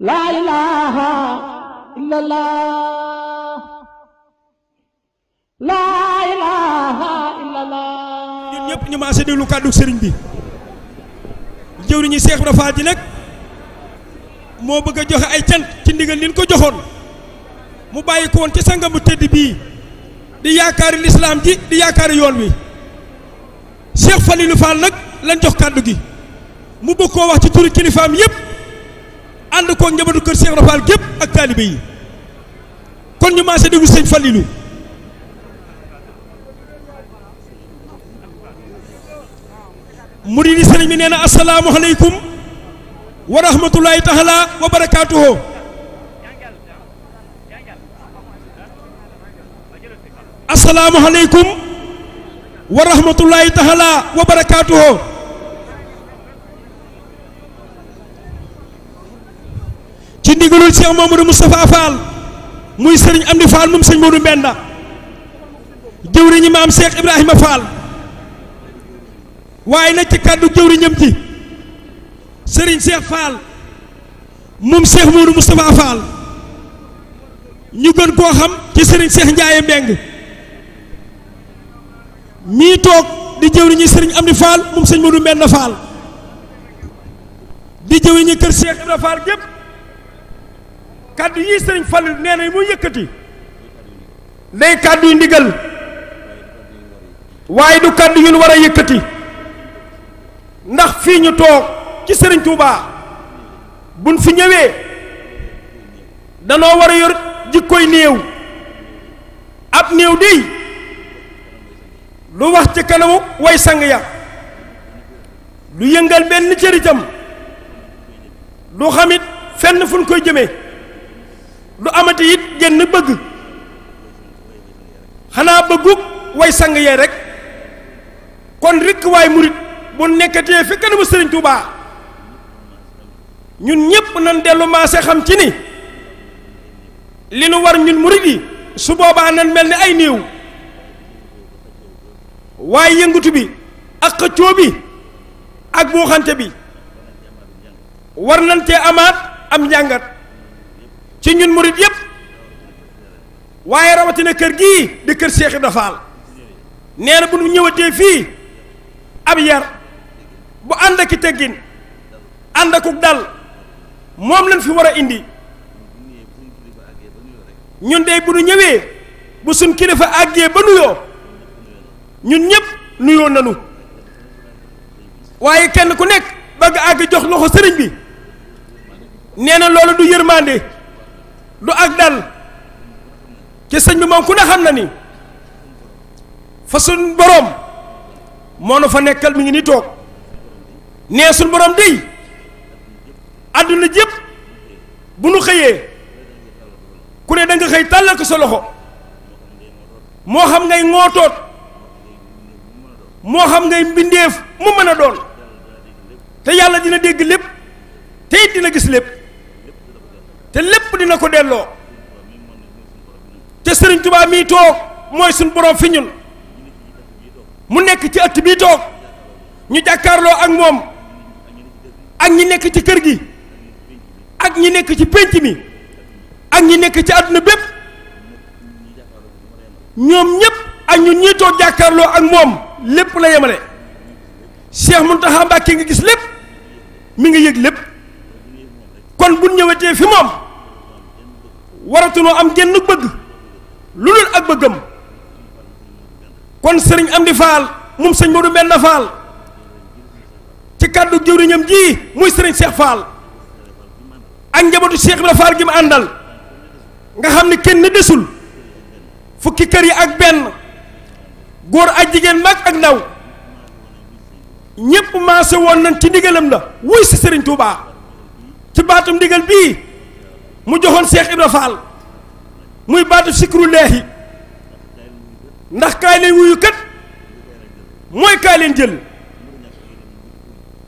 laa ilaaha illallah ñun ñëpp ñu maase déglu kàddu sëriñ bi jëwriñu Seex Ibra ji nag moo bëgg a joxe ay cant ci ndigal liñ ko joxoon mu bàyyi ko ci sangam bu tëdd bii di yaakaari lislaam ji di yaakaari yoon wi Seex Faliilu Faal nag lañ jox kàddu gi mu bëgg koo wax ci turi kilifaam yépp ànd koo njabootu kër Cheikh Rafal gépp ak taalibe yi kon ñu maase déglu sëñ Fallilou mu di di sëriñ bi nee na asalaamu aleykum wa rahmatulahi taala wa barakaatuhu asalaamu aleykum ndigalul Cheikh Mamadou Moustapha Fall muy sëriñ Amdi Fall moom sëñ Modou Mbenda jëwriñu maam Cheikh Ibrahima Fall waaye nag ci kàddu jëwriñam ji sëriñ Cheikh Fall moom Cheikh Modou Moustapha Fall ñu gën koo xam ci sëriñ Cheikh Ndiaye Mbeng mii toog di jëwriñu sëriñ Amdi Fall moom sëñ Modou Mbenda Fall di jëwriñu kër Cheikh Ibrahima Fall gépp kàddu yii sëriñ Fallu nee na mu yëkkati day kàddu ndigal waaye du kàddu yu ñu war a yëkkati ndax fii toog ci sëriñ Touba buñ fi ñëwee danoo war a yor jikkoy néew ab néew dey lu wax ci kanamu way sang ya lu yëngal benn cëritam lu xamit fenn fu ñu koy jëme du amati it genn bëgg xanaa bëggug way sang yee rek kon rikk waay murit bu nekkatee fi kanamu sëriñ Tuubaa ñun ñépp nan dellu maase xam ci ni li nu war ñun murit yi su boobaa nan mel ni ay néew waaye yëngatu bi ak xëccoo bi ak buuxante bi war nan cee amaat am njàngat ci ñun murit yépp waaye rawatina kër gii di kër Cheikh Ibra Fall nee na bu ñu ñëwatee fii ab yar bu ànd ak i teggin ànd akuk dal moom lañ fi war a indi ñun de bu ñu ñëwee bu suñ kilifa àggee ba nuyoo ñun ñëpp nuyoo nanu waaye kenn ku nekk bëgg àgg jox loxo sëriñ bi nee na loolu du yërmande. du ak dal ci sëñ bi moom ku ne xam na ni fa suñ boroom moo nu fa nekkal mi ngi ni toog nee suñ boroom dey àdduna jëpp bu nu xëyee ku ne da nga xëy tàllal ko sa loxo moo xam ngay ngootoot moo xam ngay mbindeef mu mën a doon te yàlla dina dégg lépp te it dina gis lépp te lépp dina ko delloo te sëriñ Tuubaa mii toog mooy suñ borom fi ñun mu nekk ci ëtt bii toog ñu jàkkaarloo ak moom ak ñi nekk ci kër gi ak ñi nekk ci pénc mi ak ñi nekk ci àdduna bépp ñoom ñépp ak ñun ñii jàkkaarloo ak moom lépp la yemale Cheikh Mountakha Mbacké nga gis lépp mu ngi yëg lépp kon bu ñëwetee fi moom waratunoo am genn bëgg lu dul ak bëggam kon sëriñ Amdi Faal moom sëñ Modou Mbenda Faal ci kàddu jëwriñam ji muy sëriñ Cheikh Faal ak njabootu Cheikh Ibra Faal gi mu àndal nga xam ne kenn desul fukki kër yi ak benn góor ak jigéen mag ak ndaw ñépp maase woon nañ ci ndigalam la wuy si sëriñ Touba ci baatum ndigal bii mu joxoon Cheikh Ibra Faal muy baatu sikrullaahi ndax kaay leen wuyu kat mooy kaay leen jël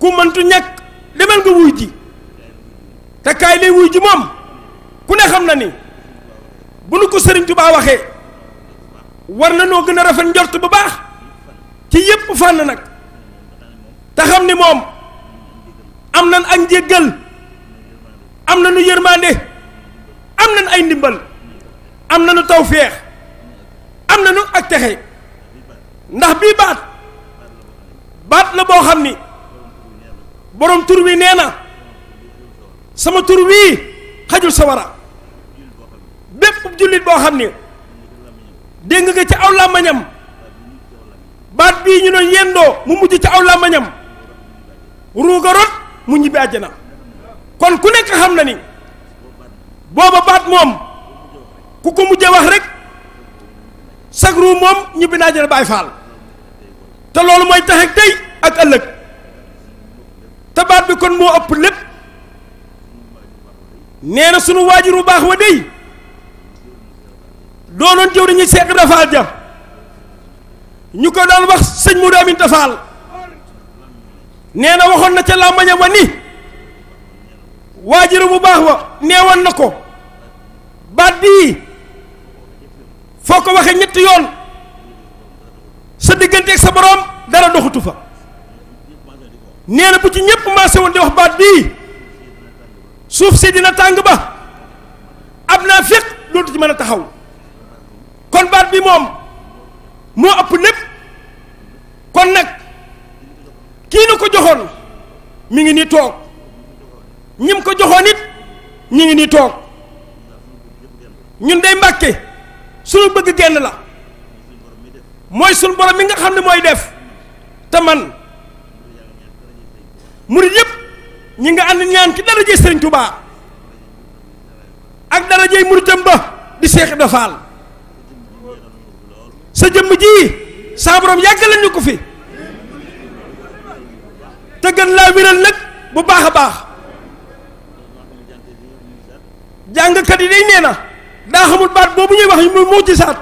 ku mëntu ñàkk demal nga wuy ji te kaay leen wuy ji moom ku ne xam na ni bu nu ko Sëriñ Tuubaa waxee war na noo gën a rafet njort bu baax ci yépp fànn nag te xam ni moom am nan ak njéggal am na nu yërmande am nan ay ndimbal am na nañu tawféex am nañu ak texe ndax bii baat baat na boo xam ni boroom tur wi nee na sama tur wii xajul sa wara bépp jullit boo xam ni dégg nga ci aw làmmañam baat bii ñu doon yendoo mu mujj ci aw làmmañam ruuga rot mu ñibbi na kon ku nekk xam na ni booba baat moom ku ko mujjee wax rek sagru moom ñibbi naa jël Baay Faal te loolu mooy tax ak tey ak ëllëg tabaat bi kon moo ëpp lépp nee na sunu waajur bu baax wa dey doonoon jëwriñu Seex Ibra Faal ja ñu ko daan wax sëñ Moodu Aminta Faal nee na waxoon na ca làmbañam wa ni waajur bu baax wa neewoon na ko baat bii foo ko waxee ñetti yoon sa diggante ak sa borom dara doxutu fa nee na bu ci ñépp maase woon di wax baat bii suuf si dina tàng ba am naa féq dootu ci mën a taxaw kon baat bi moom moo ëpp lépp kon nag kii nu ko joxoon mi ngi nii toog ñim ko joxoon it ñu ngi nii toog ñun day mbàkke suñu bëgg genn la mooy suñu borom mi nga xam ne mooy def te man murid yëpp ñi nga ànd ñaan ki darajey sëriñ Tuubaa ak darajey muritam ba di Seex Ibra Faal sa jëmm ji saa borom yàggal ko fi te gën laa wéral nag bu baax a baax jàngkat yi day nee na daa xamul baat boobu ñuy wax ñu muy mujjisaat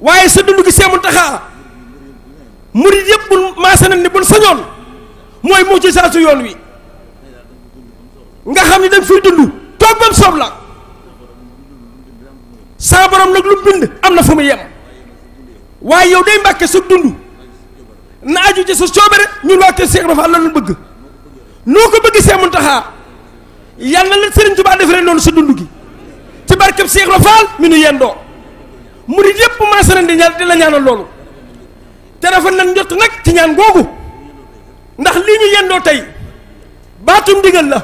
waaye sa dund gi Sëñ Muntaxa murid yëpp bul maase nañ ni bul sañoon mooy mujjisaatu yoon wi nga xam ni dañ fiy dund toog bam soob la saa borom nag lu bind am na fu mu yem waaye yow day mbàkke sa dund na aju ci sa coobare ñun waa kër Seex Ibra Faal la ñu bëgg noo ko bëgg Sëñ Muntaxa yàlla na la Sëriñ Tuubaa defaree noonu sa dund barkeb Cheikh Ibra Fall mi nu yendoo murid yëpp maase nañ di ñaan di la ñaanal loolu te dafa nan njott nag ci ñaan googu ndax lii ñu yendoo tey baatum ndigal la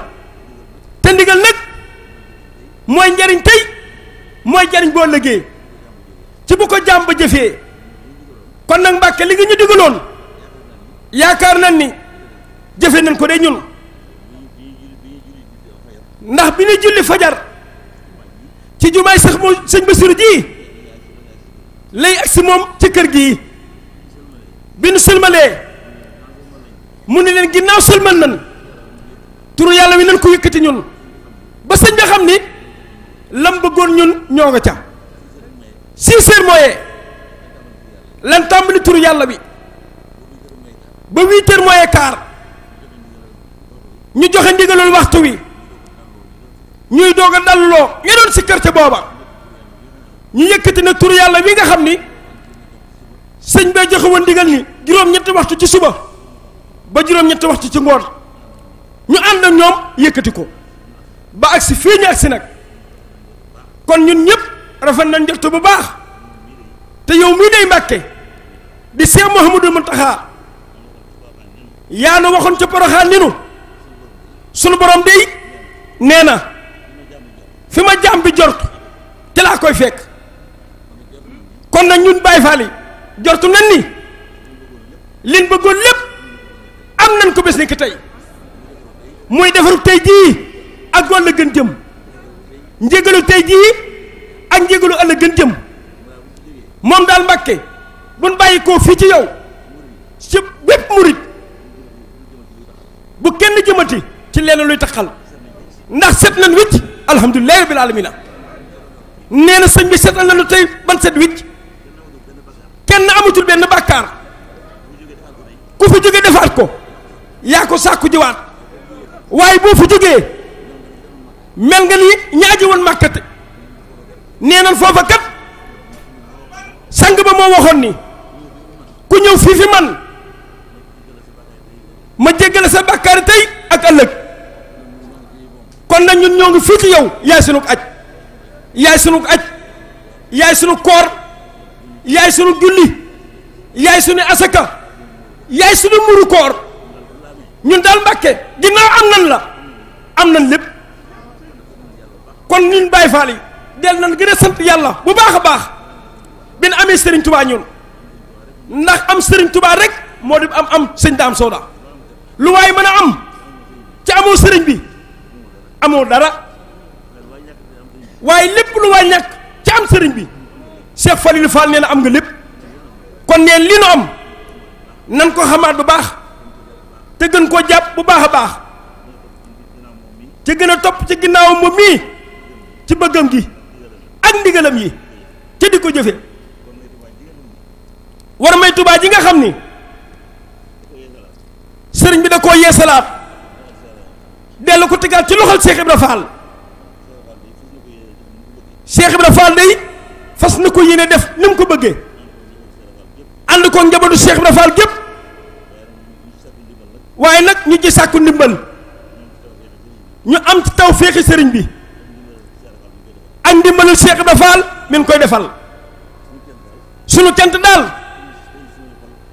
te ndigal nag mooy njariñ tey mooy njariñ boo liggéey ci bu ko jàmm ba jëfee kon nag Mbàkke li nga ñu digaloon yaakaar nañ ni jëfe nañ ko de ñun ndax bi ñu julli fajar ci jumaay sax moo sëñ Basiru ji lay ak moom ci kër gi bi nu sëlmalee mu ne leen ginnaaw sëlmal nan turu yàlla wi nan ko yëkkati ñun ba sëñ bi xam ni lam bëggoon ñun ñoo nga ca six heures mooyee lan tàmbali turu yàlla bi ba huit heures mooyee kaar ñu joxe ndigalul waxtu wi ñuy doog a dalloo ñi doon sikkar ca booba ñu yëkkati na tur yàlla wi nga xam ni sëñ bee joxe woon ni juróom-ñetti waxtu ci suba ba juróom-ñetti waxtu ci ngoon ñu ànd ak ñoom yëkkati ko ba agsi fii ñu agsi nag kon ñun ñëpp rafet nañ njort bu baax te yow mii day mbàkke di Seex Muhammadul Muntaxa yaa nu waxoon ca Poroxaan ni nu sunu borom day nee na fi ma jaam bi jortu te laa koy fekk kon nag ñun Baay Faal yi jortu nan ni lin bëggoon lépp am nañ ko bés ni ki tey muy defaru tey jii ak loolu la gën jëm njégalu tey jii ak njégalu ëllëg jëm moom daal Mbàkke buñ bàyyi koo fii ci yow ci bépp murit bu kenn jëmati ci leen luy taxal ndax set nañ wicc alhamdulilahi rabbil alamina nee na sëñ bi seetal na tey ban set wicc kenn amatul benn bàkkaar ku fi jóge defaat ko yaa ko sàkku jiwaat waaye boo fi jógee mel nga ni ñaaji woon màkkate nee nan foofa kat sang ba moo waxoon ni ku ñëw fii fi man ma jéggale sa bàkkaari tey ak ëllëg kon nag ñun ñoo ngi fii ci yow yaay sunu aj yaay sunu sunu koor yaay sunu julli yaay sunu asaka yaay sunu muru koor ñun daal mbàkke ginnaaw am nan la am nan lépp kon ñun Baay Faal yi del nan gën a sant yàlla bu baax a baax bi nu amee Serigne Touba ñun ndax am sëriñ Touba rek moo di am am sëñ daam sooda lu waaye mën a am ci amoo sëriñ bi amoo dara waaye lépp lu waay ñàkk ci am sëriñ bi Cheikh Falilou Fall nee na am nga lépp kon neen li nu am nan ko xamaat bu baax te gën koo jàpp bu baax a baax te gën a topp ca ginnaaw moom mii ci bëggam gi ak ndigalam yi te di ko jëfe war may tubaab ji nga xam ni sëriñ bi da koo yeesalaat dellu ko tegaat ci loxol Cheikh Ibra Fall Cheikh Ibra Fall day fas na ko yéene def ni mu ko bëggee ànd ko njabootu Cheikh Ibra gépp waaye nag ñi ci sàkku ndimbal ñu am taw féexi sëriñ bi ak ndimbalul Cheikh Ibra Fall koy defal sunu cant daal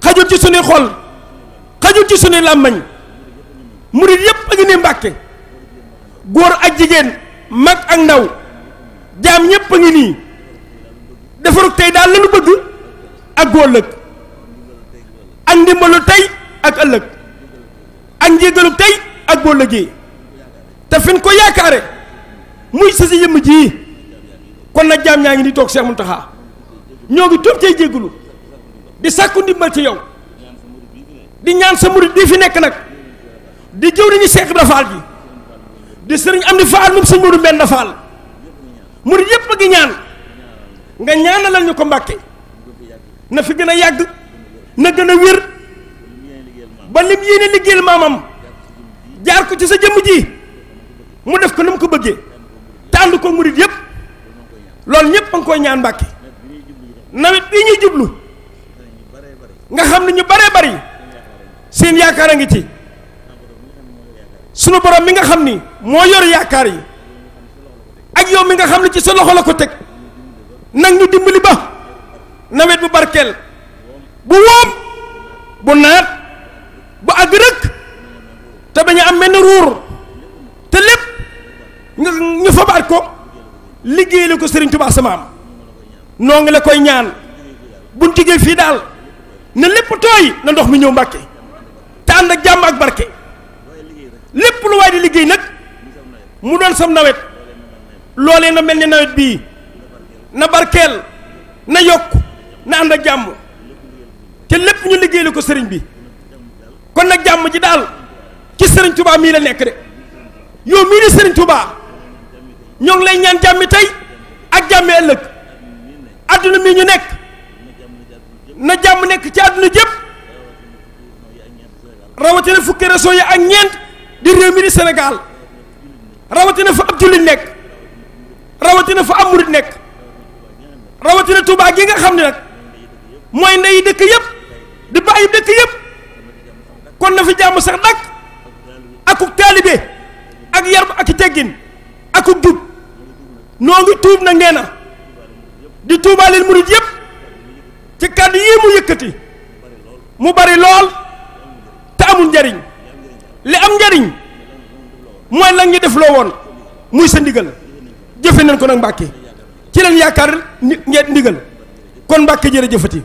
xajul ci sunuy xol xajul ci sunuy làmmañ murit yépp yëg ne Mbàkke góor ak jigéen mag ak ndaw jaam ñépp a ngi nii defarug tey daal lañu bëgg ak góor lëg ak ndimbalu tey ak ëllëg ak njégalug tey ak góor lëgee te fin ko yaakaare muy sa ci yëmm ji kon nag jaam ñaa ngi nii toog Seex Muntaxaa ñoo ngi toog cay jéggalu di sàkku ndimbal ci yow di ñaan sa murit bii fi nekk nag di jëwriñu Cheikh Ibra Fall ji di sëriñ Amdi Fall moom sëñ Modou Mbenda Fall murid yépp a ngi ñaan nga ñaanalal ñu ko Mbàkke na fi gën a yàgg na gën a wér ba lim yéene liggéeyal maamam jaar ko ci sa jëmm ji mu def ko ni mu ko bëggee tànd ko murid yépp loolu ñépp a ngi koy ñaan Mbàkke nawet bii ñuy jublu nga xam ne ñu baree bari seen yaakaar a ngi ci sunu borom mi nga xam ni moo yor yaakaar yi ak yow mi nga xam ne ci sa loxo la ko teg nag ñu dimbali ba nawet bu barkeel bu woom bu naat bu àgg rëkk te bañ a am benn ruur te lépp ñu fabaat ko liggéey la ko Serigne Touba sama am noo ngi la koy ñaan bu jógee fii daal na lépp tooy na ndox mi ñëw Mbàkke te ànd ak jàmm ak barke. lépp lu waay di liggéey nag mu doon sam nawet loole na mel ni nawet bii na barkeel na yokk na ànd ak jàmm te lépp ñu liggéey la ko sëriñ bi kon nag jàmm ji daal ci sëriñ Touba mii la nekk de yow mii di sëriñ Touba ñoo lay ñaan jàmmi tey ak jàmmi ëllëg adduna mii ñu nekk na jàmm nekk ci adduna jëpp rawatina fukki régions yi ak ñeent. di réew mi di Sénégal rawatina fa ab jullit nekk rawatina fa ab murit nekk rawatina Touba gi nga xam ne nag mooy ndeyi dëkk yëpp di bàyyi dëkk yëpp kon na fi jàmm sax dakk akuk taalibe ak yar ak teggin akuk jub noo ngi tuub nag nee na di tuubaaleel murit yëpp ci kàddu yii mu yëkkati mu bari lool te amul njariñ li am njariñ mooy lan ñu def loo woon muy sa ndigal jëfe nañ ko nag Mbàkke ci leen yaakaar ni ngeen ndigal kon Mbàkke jërëjëfati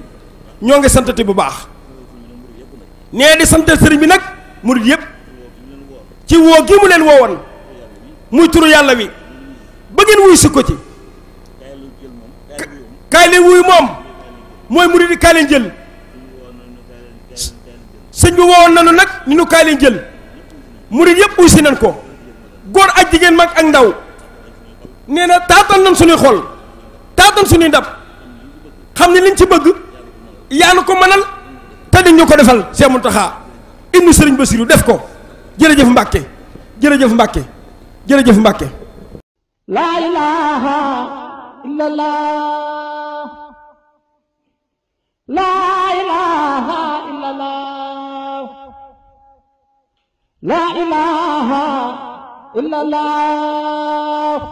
ñoo ngi santati bu baax nee di sant sëriñ bi nag murid yëpp ci woo gi mu leen woowoon muy turu yàlla wi ba ngeen wuy si ko ci kaay leen wuy moom mooy mu yi kaay leen jël sëñ bi woowoon nanu nag ni nu kaay leen jël mu murit yëpp uy si nañ ko góor ak jigéen mag ak ndaw nee na taatal nañ suñuy xol taatal suñuy ndab xam ne liñ ci bëgg yaa ko mënal te dañu ko defal Cheikh Mountakha ibnu Serigne Bassirou def ko jërëjëf Mbacke jërëjëf Mbacke jërëjëf Mbacke. laa ilaaha illallaah la ilaha illallah